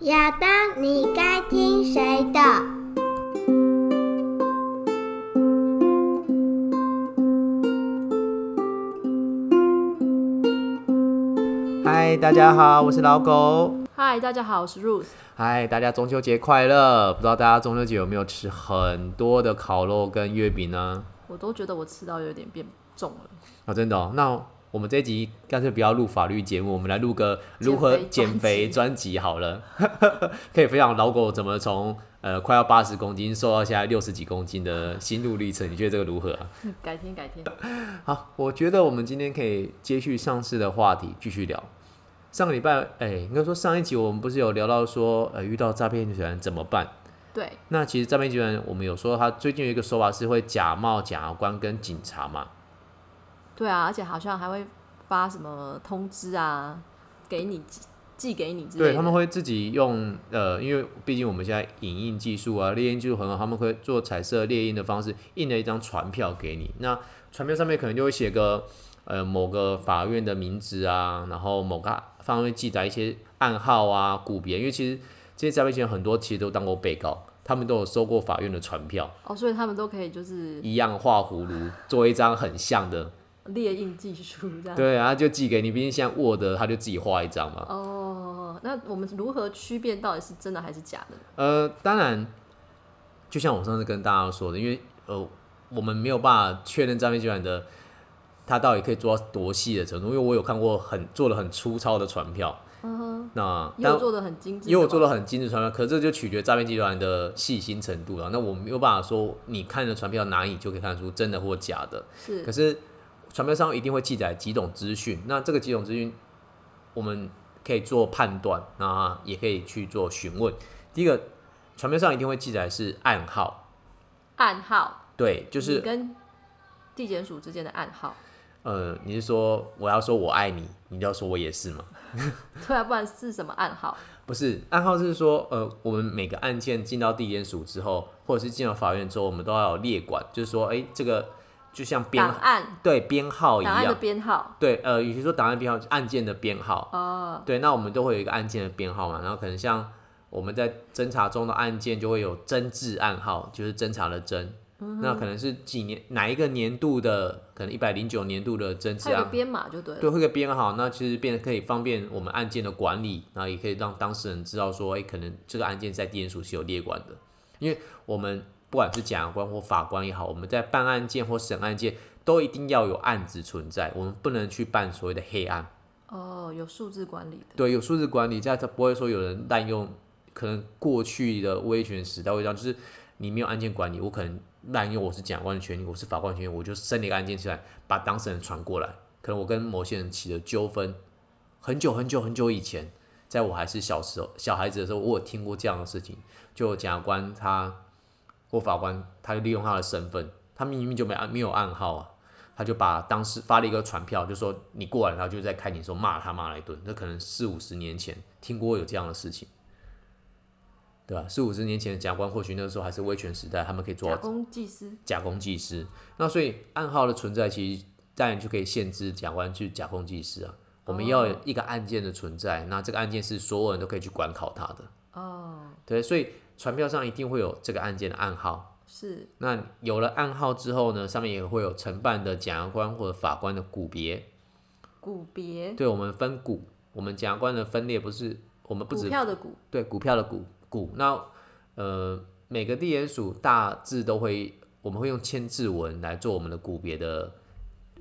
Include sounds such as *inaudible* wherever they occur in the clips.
亞當，你該聽誰的？嗨，大家好，我是老狗。嗨，大家好，我是 Ruth。嗨，大家中秋節快樂！不知道大家中秋節有沒有吃很多的烤肉跟月餅呢？我都覺得我吃到有點變重了。啊、哦，真的哦，那。我們這一集乾脆不要錄法律節目，我們來錄個如何減肥專輯好了， *laughs* 可以分享老狗怎麼從呃快要八十公斤瘦到現在六十幾公斤的心路歷程， *laughs* 你覺得這個如何、啊？改天改天。好，我覺得我們今天可以接續上次的話題繼續聊。上個禮拜，哎、欸，應該說上一集我們不是有聊到說，呃，遇到詐騙集團怎麼辦？對。那其實詐騙集團，我們有說他最近有一個手法是會假冒假檢察官跟警察嘛。對啊，而且好像還會發什麼通知啊，給你寄給你之類的。對，他們會自己用呃，因為畢竟我們現在影印技術啊、列印技術很好，他們會做彩色列印的方式印了一張傳票給你。那傳票上面可能就會寫個呃某個法院的名字啊，然後某個方位記載一些暗號啊、股別，因為其實這些詐騙集團很多其實都當過被告，他們都有收過法院的傳票。哦，所以他們都可以就是一樣畫葫蘆，做一張很像的。列印技術這樣對啊，就寄給你。畢竟像 Word，他就自己畫一張嘛。哦，那我們如何區辨到底是真的還是假的？呃，當然，就像我上次跟大家說的，因為呃，我們沒有辦法確認詐騙集團的他到底可以做到多細的程度。因為我有看過很做的很粗糙的傳票，嗯哼，那但做的很精致，因為我做的很精致的傳票，可這就取決詐騙集團的細心程度了。那我沒有辦法說你看的傳票哪裡就可以看出真的或假的，是，可是。傳票上一定會記載幾種資訊，那這個幾種資訊，我們可以做判斷，那也可以去做詢問。第一個，傳票上一定會記載是暗號。暗號？對，就是跟地檢署之間的暗號。呃，你是說我要說我愛你，你就要說我也是嗎？突 *laughs* 然、啊、不然是什麼暗號？不是暗號，是說呃，我們每個案件進到地檢署之後，或者是進了法院之後，我們都要列管，就是說，哎、欸，這個。就像編號案對編號一樣，編號對，呃，與其說檔案編號，案件的編號哦，對，那我們都會有一個案件的編號嘛，然後可能像我們在偵查中的案件就會有偵字案號，就是偵查的偵，嗯、哼那可能是幾年哪一個年度的，可能一百零九年度的偵字案。有編碼就對，對，會、那個編號，那其實變得可以方便我們案件的管理，然後也可以讓當事人知道說，哎、欸，可能這個案件在地檢署是有列管的，因為我們。不管是檢察官或法官也好，我們在辦案件或審案件，都一定要有案子存在。我們不能去辦所謂的“黑案”。哦，有數字管理的。對，有數字管理，這樣才不會說有人濫用。可能過去的威權時代會這樣，就是你沒有案件管理，我可能濫用我是檢察官的權利，我是法官權利，我就生了一個案件出來，把當事人傳過來。可能我跟某些人起了糾紛，很久很久很久以前，在我還是小時候、小孩子的時候，我有聽過這樣的事情，就檢察官他。法官，他就利用他的身份，他明明就沒沒有暗號啊，他就把當時發了一個傳票，就說你過來，然後就在開庭時候罵他罵了一頓。那可能四五十年前聽過有這樣的事情，對吧？四五十年前的假官，或許那時候還是威權時代，他們可以做假公濟私，假公濟私。那所以暗號的存在，其實當然就可以限制假官去假公濟私啊。哦、我們要有一個案件的存在，那這個案件是所有人都可以去管考他的哦。對，所以。傳票上一定會有這個案件的案號，是。那有了案號之後呢，上面也會有承辦的檢察官或者法官的股別。股別別。對，我們分股，我們檢察官的分裂不是我們不只，股票的股。對，股票的股股。那呃，每個地檢署大致都會，我們會用千字文來做我們的股別的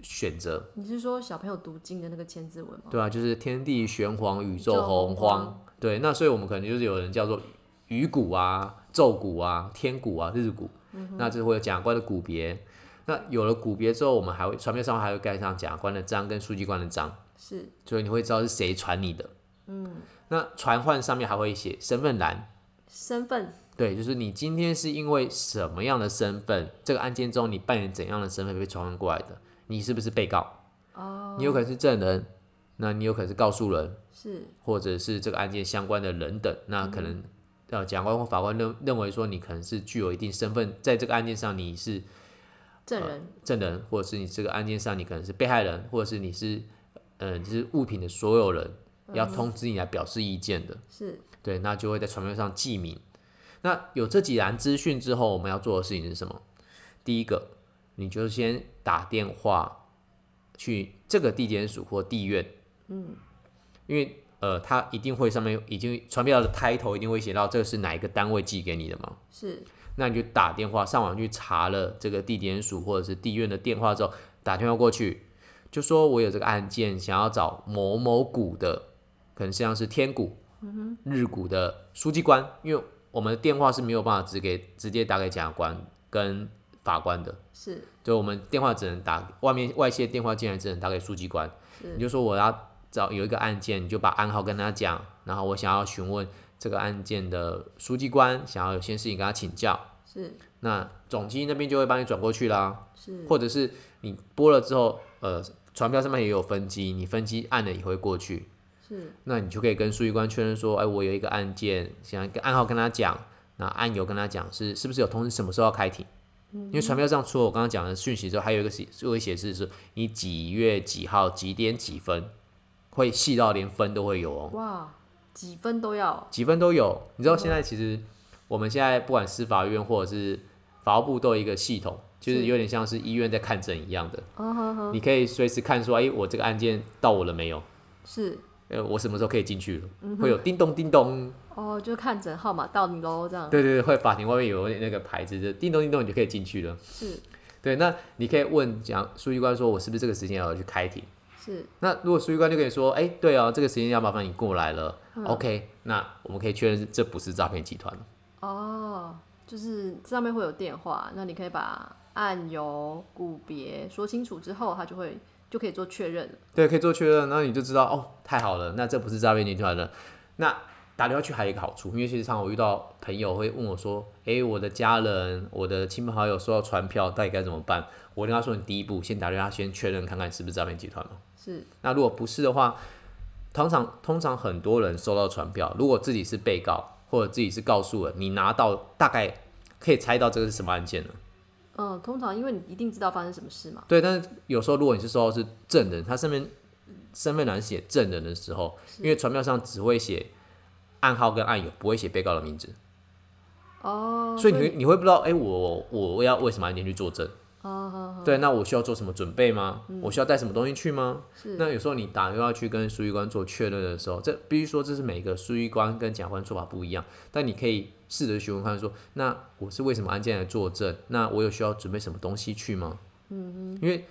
選擇。你是說小朋友讀經的那個千字文嗎？對啊，就是天地玄黃，宇宙洪荒。對，那所以我們可能就是有人叫做。宇股啊，宙股啊，天股啊，日股，嗯、哼那這會有檢察官的股別。那有了股別之後，我們還會傳票上還會蓋上檢察官的章跟書記官的章，是，所以你會知道是誰傳你的。嗯。那傳喚上面還會寫身份欄，身份，對，就是你今天是因為什麼樣的身份，這個案件中你扮演怎樣的身份被傳喚過來的？你是不是被告？哦。你有可能是證人，那你有可能是告訴人，是，或者是這個案件相關的人等，那可能、嗯。要檢察官或法官認認為說你可能是具有一定身份，在這個案件上你是證人，呃、證人或者是你這個案件上你可能是被害人，或者是你是嗯，就、呃、是物品的所有人，要通知你來表示意見的，嗯、是對，那就會在傳票上記名。那有這幾欄資訊之後，我們要做的事情是什麼？第一個，你就先打電話去這個地檢署或地院，嗯，因為。呃，他一定會上面已經傳票的抬頭一定會寫到，這是哪一個單位寄給你的嗎？是。那你就打電話上網去查了這個地檢署或者是地院的電話之後，打電話過去，就說我有這個案件，想要找某某股的，可能像是天股、嗯、哼日股的書記官，因為我們的電話是沒有辦法直接直接打給檢察官跟法官的，是。就我們電話只能打外面外線電話進來只能打給書記官。嗯是，你就說我要。找有一個案件，你就把案號跟他講，然後我想要詢問這個案件的書記官，想要有些事情跟他請教。是，那總機那邊就會幫你轉過去啦。是，或者是你撥了之後，呃，傳票上面也有分機，你分機按了也會過去。是，那你就可以跟書記官確認說，哎、欸，我有一個案件，想要個案號跟他講，那案由跟他講，是是不是有通知什麼時候要開庭？嗯哼，因為傳票上除了我剛剛講的訊息之後，還有一個就會顯示是你幾月幾號幾點幾分。會細到連分都會有哦。哇，幾分都要？幾分都有。你知道現在其實，我們現在不管司法院或者是法務部都有一個系統，就是有點像是醫院在看診一樣的。是你可以隨時看出，哎，我這個案件到我了沒有？是。呃，我什麼時候可以進去了？嗯、哼會有叮咚叮咚。哦，就看診號碼到你咯。這樣。對對對，會法庭外面有那個牌子，就叮咚叮咚，你就可以進去了。是。對，那你可以問講書記官說，我是不是這個時間要去開庭？是，那如果書記官就可以說，哎、欸，對哦，這個時間要麻煩你過來了、嗯、，OK，那我們可以確認這不是詐騙集團哦，就是上面會有電話，那你可以把案由、股別說清楚之後，他就會就可以做確認了，對，可以做確認，然後你就知道哦，太好了，那這不是詐騙集團了，那。打電話去還有一個好處，因為其實上我遇到朋友會問我說：“誒、欸，我的家人、我的親朋好友收到傳票，到底該怎麼辦？”我跟他說：“你第一步先打電話，先確認看看是不是詐騙集團嘛。”是。那如果不是的話，通常通常很多人收到傳票，如果自己是被告，或者自己是告訴人，你拿到大概可以猜到這個是什麼案件呢？嗯，通常因為你一定知道發生什麼事嘛。對，但是有時候如果你是收到是證人，他身邊身份欄寫證人的時候，是因為傳票上只會寫案號跟案由不會寫被告的名字，哦，oh, 所以你你會不知道，哎、欸，我我要為什麼案件去作證，oh, oh, oh, oh. 對，那我需要做什麼準備嗎？嗯、我需要帶什麼東西去嗎？是那有時候你打電話去跟書記官做確認的時候，這必須說這是每一個書記官跟檢察官做法不一樣，但你可以試着詢問他說，那我是為什麼案件來作證？那我有需要準備什麼東西去嗎？嗯嗯，因為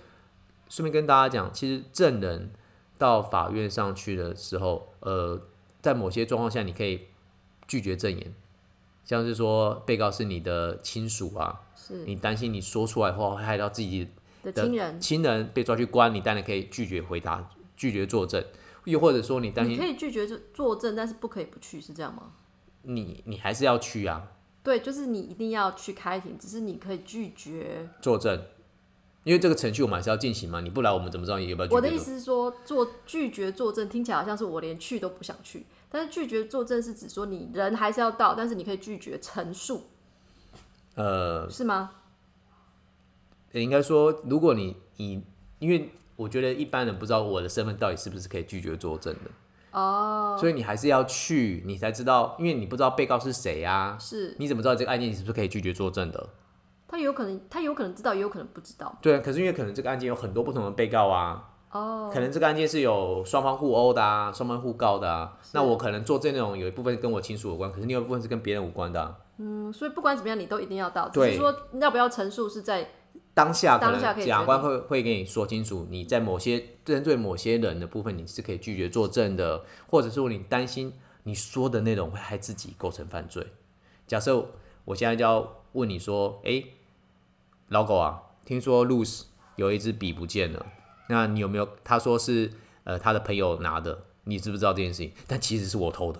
順便跟大家講，其實證人到法院上去的時候，呃。在某些狀況下，你可以拒絕證言，像是說被告是你的親屬啊，是你擔心你說出來的話會害到自己的親人，親人被抓去關，你當然可以拒絕回答，拒絕作證。又或者說你擔心，你可以拒絕作證，但是不可以不去，是這樣嗎？你你還是要去啊？對，就是你一定要去開庭，只是你可以拒絕作證。因為這個程序我們還是要進行嘛，你不來我們怎麼知道你有沒有？我的意思是說，做拒絕作證聽起來好像是我連去都不想去，但是拒絕作證是指說你人還是要到，但是你可以拒絕陳述。呃，是嗎？應該說，如果你你因為我覺得一般人不知道我的身份到底是不是可以拒絕作證的哦，所以你還是要去，你才知道，因為你不知道被告是誰啊，是，你怎麼知道這個案件你是不是可以拒絕作證的？他有可能，他有可能知道，也有可能不知道。對，可是因為可能這個案件有很多不同的被告啊，哦，oh. 可能這個案件是有雙方互毆的啊，雙方互告的啊。是那我可能作證內容有一部分跟我親屬有關，可是另外一部分是跟別人無關的。嗯，所以不管怎麼樣，你都一定要到。對，只是說要不要陳述是在當下可能，當下檢察官會會跟你說清楚，你在某些針對某些人的部分，你是可以拒絕作證的，或者說你擔心你說的內容會害自己構成犯罪。假設我現在就要問你說，誒、欸……老狗啊，聽說 Ruth 有一支筆不見了，那你有沒有？他說是呃他的朋友拿的，你知不知道這件事情？但其實是我偷的，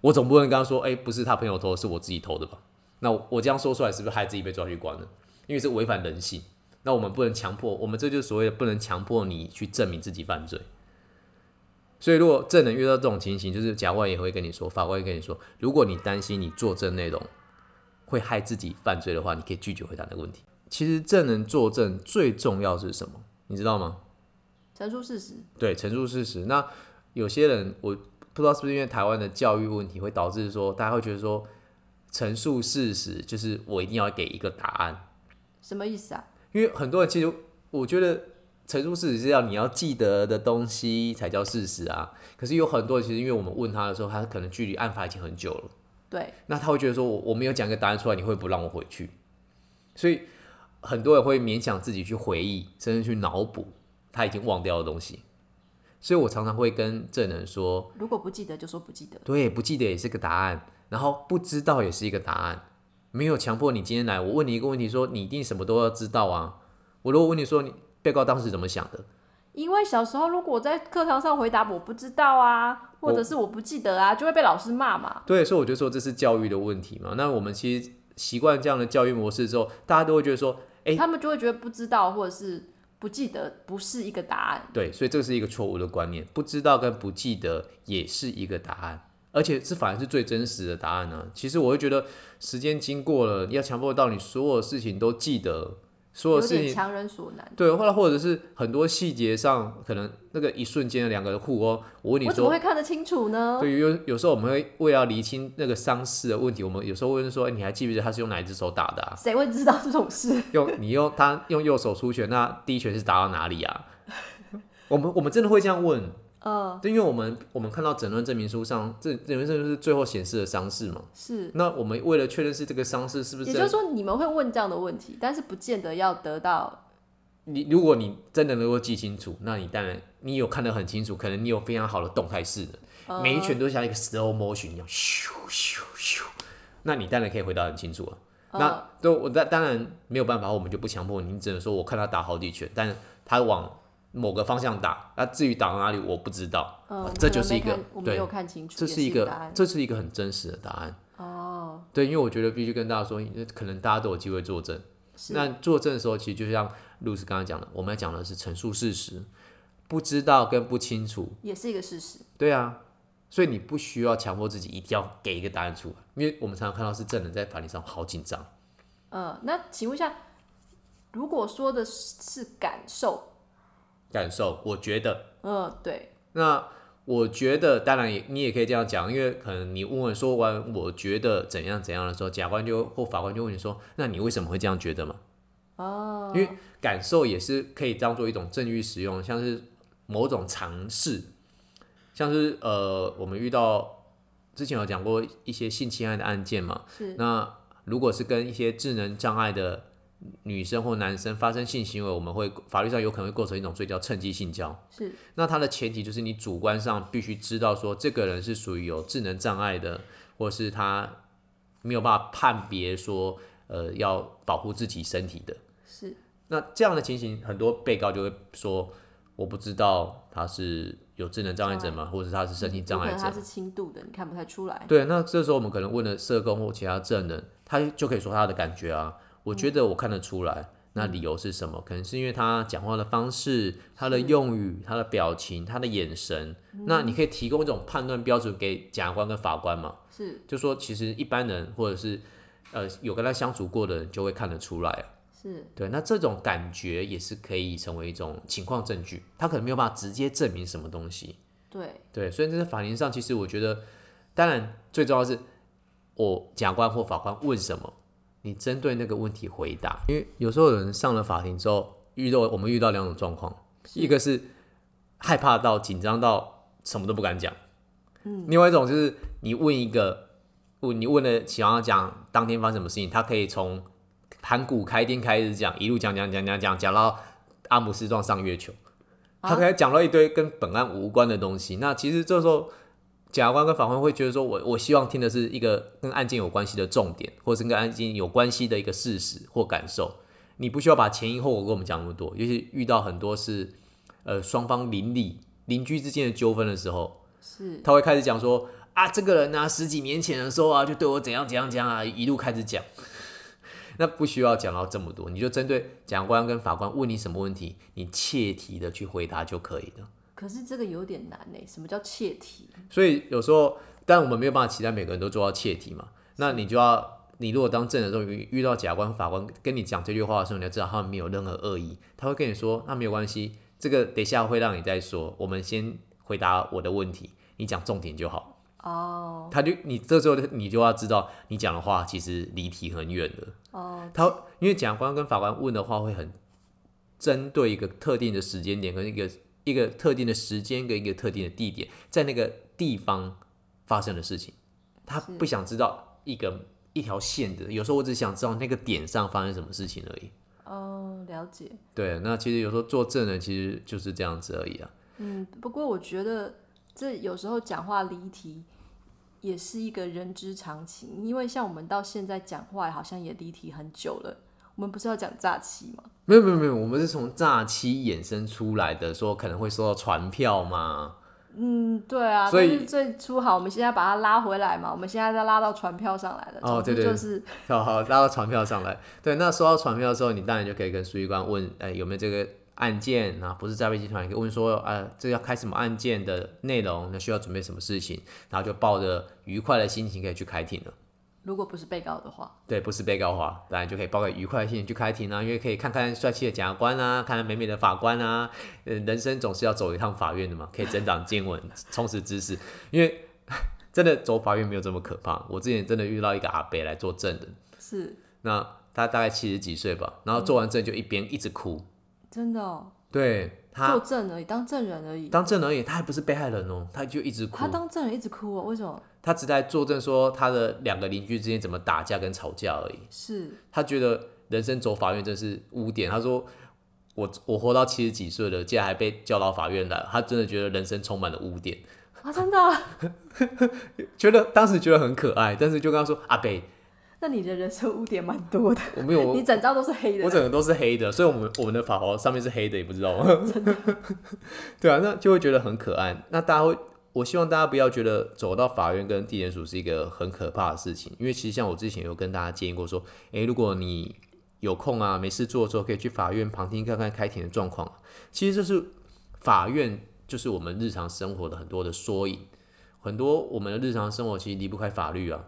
我總不能跟他說，哎、欸，不是他朋友偷的，是我自己偷的吧？那我，我這樣說出來，是不是害自己被抓去關了？因為是違反人性。那我們不能強迫，我們這就是所謂的不能強迫你去證明自己犯罪。所以，如果證人遇到這種情形，就是法官也會跟你說，法官也跟你說，如果你擔心你作證內容會害自己犯罪的話，你可以拒絕回答那個問題。其實證人作證最重要是什麼？你知道嗎？陳述事實。對，陳述事實。那有些人，我不知道是不是因為台灣的教育問題，會導致說大家會覺得說陳述事實就是我一定要給一個答案。什麼意思啊？因為很多人其實我覺得陳述事實是要你要記得的東西才叫事實啊。可是有很多人其實因為我們問他的時候，他可能距離案發已經很久了。對。那他會覺得說我我沒有講一個答案出來，你會不讓我回去。所以。很多人會勉強自己去回憶，甚至去腦補他已經忘掉的東西，所以我常常會跟證人說：“如果不記得，就說不記得。”對，不記得也是個答案，然後不知道也是一個答案。沒有強迫你今天來，我問你一個問題說，說你一定什麼都要知道啊。我如果問你說你被告當時怎麼想的？因為小時候如果我在課堂上回答我不知道啊，或者是我不記得啊，我就會被老師罵嘛。對，所以我就說這是教育的問題嘛。那我們其實習慣這樣的教育模式之後，大家都會覺得說。他們就會覺得不知道，或者是不記得，不是一個答案、欸。對，所以這是一個錯誤的觀念，不知道跟不記得也是一個答案，而且這反而是最真實的答案呢、啊。其實我會覺得，時間經過了，你要強迫到你所有事情都記得。所以強人所難。對，或者或者是很多細節上，可能那個一瞬間的兩個人互毆，我問你說，我怎麼會看得清楚呢？對，於有，有時候我們會為了理清那個傷勢的問題，我們有時候會問說，你還記不記得他是用哪一隻手打的、啊？誰會知道這種事？用你用他用右手出拳，那第一拳是打到哪裡啊？ *laughs* 我們我們真的會這樣問。嗯，就因為我們我們看到診斷證明書上，這診斷證明書是最後顯示的傷勢嘛。是。那我們為了確認是這個傷勢是不是？也就是說，你們會問這樣的問題，但是不見得要得到。你如果你真的能夠記清楚，那你當然你有看得很清楚，可能你有非常好的動態式的、哦、每一拳都像一個 slow motion 一樣，咻咻咻咻，那你當然可以回答很清楚啊。那都、哦、我當當然沒有辦法，我們就不強迫你，只能說我看他打好幾拳，但他往。某個方向打，那至於打到哪裡，我不知道。嗯，這就是一個沒看對，這是一個，是個這是一個很真實的答案。哦，對，因為我覺得必須跟大家說，可能大家都有機會作證。是那作證的時候，其實就像露思剛才講的，我們要講的是陳述事實，不知道跟不清楚也是一個事實。對啊，所以你不需要強迫自己一定要給一個答案出來，因為我們常常看到是證人在法庭上好緊張。嗯，那請問一下，如果說的是感受？感受，我覺得，嗯、哦，對。那我覺得，當然也，你也可以這樣講，因為可能你問問說完，我覺得怎樣怎樣的時候，甲官就或法官就問你說：“那你為什麼會這樣覺得嘛？”哦，因為感受也是可以當做一種證據使用，像是某種嘗試，像是呃，我們遇到之前有講過一些性侵害的案件嘛，是。那如果是跟一些智能障礙的。女生或男生發生性行為，我們會法律上有可能會構成一種罪，叫趁機性交。是，那他的前提就是你主觀上必須知道說，這個人是屬於有智能障礙的，或是他沒有辦法判別說，呃，要保護自己身體的。是，那這樣的情形，很多被告就會說，我不知道他是有智能障礙者嗎？障礙。或者他是身體障礙者？嗯、他是輕度的，你看不太出來。對，那這時候我們可能問了社工或其他證人，他就可以說他的感覺啊。我覺得我看得出來，那理由是什麼？可能是因為他講話的方式、他的用語、他的表情、他的眼神。那你可以提供一種判斷標準給檢察官跟法官嘛？是，就說其實一般人或者是呃有跟他相處過的人就會看得出來。是，對，那這種感覺也是可以成為一種情況證據。他可能沒有辦法直接證明什麼東西。對，對，所以這是法庭上，其實我覺得，當然最重要的是，我檢察官或法官問什麼。你針對那個問題回答，因為有時候有人上了法庭之後遇到，我們遇到兩種狀況，一個是害怕到緊張到什麼都不敢講，嗯，另外一種就是你問一個，問你問了，想要講當天發生什麼事情，他可以從盤古開天開始講，一路講講講講講講到阿姆斯壯上月球，他可以講到一堆跟本案無關的東西，啊、那其實這時候。檢察官跟法官會覺得說我，我我希望聽的是一個跟案件有關係的重點，或是跟案件有關係的一個事實或感受。你不需要把前因後果跟我們講那麼多。尤其遇到很多是呃雙方鄰里鄰居之間的糾紛的時候，是他會開始講說啊這個人呢、啊、十幾年前的時候啊就對我怎樣怎樣怎樣啊一路開始講， *laughs* 那不需要講到這麼多，你就針對檢察官跟法官問你什麼問題，你切題的去回答就可以了。可是這個有點難呢，什麼叫切題？所以有時候，但我們沒有辦法期待每個人都做到切題嘛。的那你就要，你如果當證人的時候遇到檢察官、法官跟你講這句話的時候，你要知道他沒有任何惡意，他會跟你說：“那沒有關係，這個等下會讓你再說。”我們先回答我的問題，你講重點就好。哦，oh. 他就你這時候你就要知道，你講的話其實離題很遠了。哦、oh.，他因為檢察官跟法官問的話會很針對一個特定的時間點、嗯、跟一個。一個特定的時間跟一個特定的地點，在那個地方發生的事情，他不想知道一個是一條線的。有時候我只想知道那個點上發生什麼事情而已。哦、嗯，了解。對，那其實有時候做證人其實就是這樣子而已啊。嗯，不過我覺得這有時候講話離題也是一個人之常情，因為像我們到現在講話好像也離題很久了。我們不是要講詐欺嗎？沒有沒有沒有，我們是從詐欺衍生出來的，說可能會收到傳票嘛。嗯，對啊。所以最初好，我們現在把它拉回來嘛，我們現在再拉到傳票上來了。哦，對，就是對對對，好好，拉到傳票上來。 *laughs* 對，那收到傳票的時候，你當然就可以跟書記官問，哎、欸、有沒有這個案件啊？不是詐騙集團？可以問說，啊、呃，這要開什麼案件的內容？那需要準備什麼事情？然後就抱着愉快的心情可以去開庭了。如果不是被告的話，對，不是被告的話，當然就可以抱個愉快的心去開庭啦、啊，因為可以看看帥氣的檢察官啊，看看美美的法官啊，呃，人生總是要走一趟法院的嘛，可以增長見聞， *laughs* 充實知識。因為真的走法院沒有這麼可怕，我之前真的遇到一個阿伯來做證的，是，那他大概七十幾歲吧，然後做完證就一邊一直哭，真的、哦，對。他作證而已，當證人而已，當證人而已，他還不是被害人哦，他就一直哭。他當證人一直哭啊、哦？為什麼？他只在作證說他的兩個鄰居之間怎麼打架跟吵架而已。是，他覺得人生走法院真是污點。他說我我活到七十幾歲了，竟然還被叫到法院來了，他真的覺得人生充滿了污點啊！真的， *laughs* 覺得當時覺得很可愛，但是就跟他說阿北。那你的人生污點蠻多的， *laughs* 我沒有，你整張都是黑的，我整個都是黑的，所以我，我們我們的法袍上面是黑的，也不知道嗎？ *laughs* 真的 *laughs* 對啊，那就會覺得很可愛。那大家會，我希望大家不要覺得走到法院跟地檢署是一個很可怕的事情，因為其實像我之前有跟大家建議過說，誒、欸，如果你有空啊，沒事做的時候，可以去法院旁聽看看開庭的狀況。其實這是法院，就是我們日常生活的很多的縮影，很多我們的日常生活其實離不開法律啊。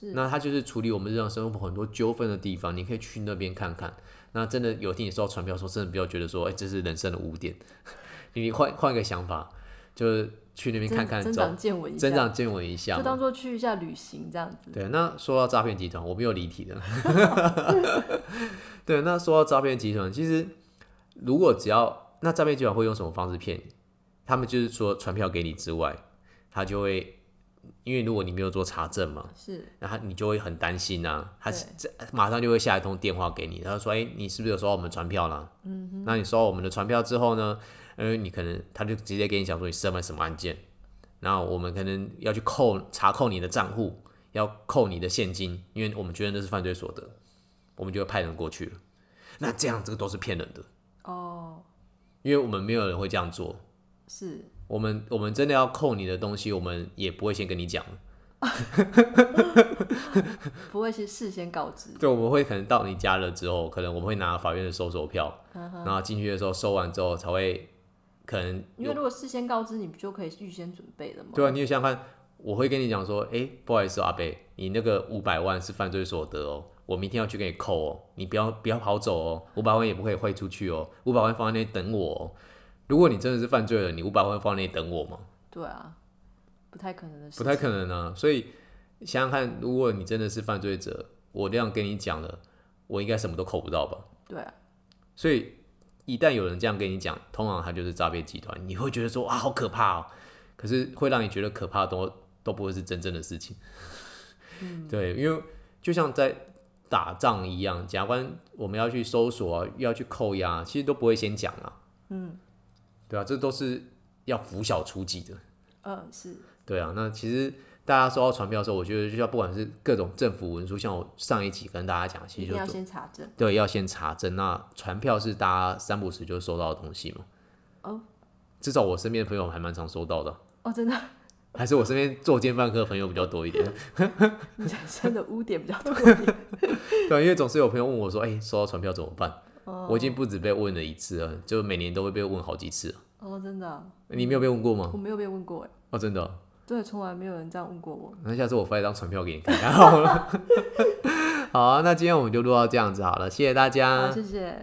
是那他就是處理我們日常生活很多糾紛的地方，你可以去那邊看看。那真的有天你收到傳票的時候，說真的不要覺得說，哎、欸，這是人生的污點。 *laughs* 你換換一個想法，就是去那邊看看，增長見聞，增長見聞一下，一下就當做去一下旅行這樣子。對，那說到詐騙集團，我沒有離題的。 *laughs* *laughs* *laughs* 對，那說到詐騙集團，其實如果只要那詐騙集團會用什麼方式騙你，他們就是除了傳票給你之外，他就會。因為如果你沒有做查證嘛，是，然後你就會很擔心啊，他這馬上就會下一通電話給你，對他說：“哎、欸，你是不是有收到我們傳票啦，啊？”嗯哼，那你收到我們的傳票之後呢，呃，你可能他就直接給你講說你涉犯什麼案件，然後我們可能要去扣查扣你的賬戶，要扣你的現金，因為我們覺得那是犯罪所得，我們就會派人過去了。那這樣這個都是騙人的哦，因為我們沒有人會這樣做。是。我們我們真的要扣你的東西，我們也不會先跟你講， *laughs* *laughs* 不會是事先告知。對，我們會可能到你家了之後，可能我們會拿法院的搜索票， *laughs* 然後進去的時候收完之後才會可能。因為如果事先告知，你不就可以預先準備了嗎？對啊，你也想看，我會跟你講說，哎、欸，不好意思、喔，阿伯，你那個五百萬是犯罪所得哦、喔，我明天要去給你扣哦、喔，你不要不要跑走哦、喔，五百萬也不可以匯出去哦、喔，五百萬放在那裡等我、喔。如果你真的是犯罪了，你五百萬放在那裡等我嗎？對啊，不太可能的事。不太可能啊。所以想想看，如果你真的是犯罪者，我這樣跟你講了，我應該什麼都扣不到吧？對啊。所以一旦有人這樣跟你講，通常他就是詐騙集團。你會覺得說哇，好可怕哦、喔！可是會讓你覺得可怕的都都不會是真正的事情。 *laughs* 嗯、對，因為就像在打仗一樣，檢察官我們要去搜索、啊，要去扣押、啊，其實都不會先講啊。嗯。對啊，這都是要拂曉出擊的。嗯，是。對啊，那其實大家收到傳票的時候，我覺得就像不管是各種政府文書，像我上一集跟大家講，其實就要先查證。對，要先查證。那傳票是大家三不時就收到的東西嘛？哦。至少我身邊的朋友還蠻常收到的。哦，真的？還是我身邊作奸犯科的朋友比較多一點？人 *laughs* *laughs* 生的污點比較多一點。 *laughs* 對、啊，因為總是有朋友問我說：“哎、欸，收到傳票怎麼辦？”哦，我已經不止被問了一次了，就每年都會被問好幾次了。哦，真的啊？你沒有被問過嗎？我沒有被問過哎。哦，真的啊？對，從來沒有人這樣問過我。那下次我發一張傳票給你看看好了。 *laughs* 好啊，那今天我們就錄到這樣子好了，謝謝大家，謝謝。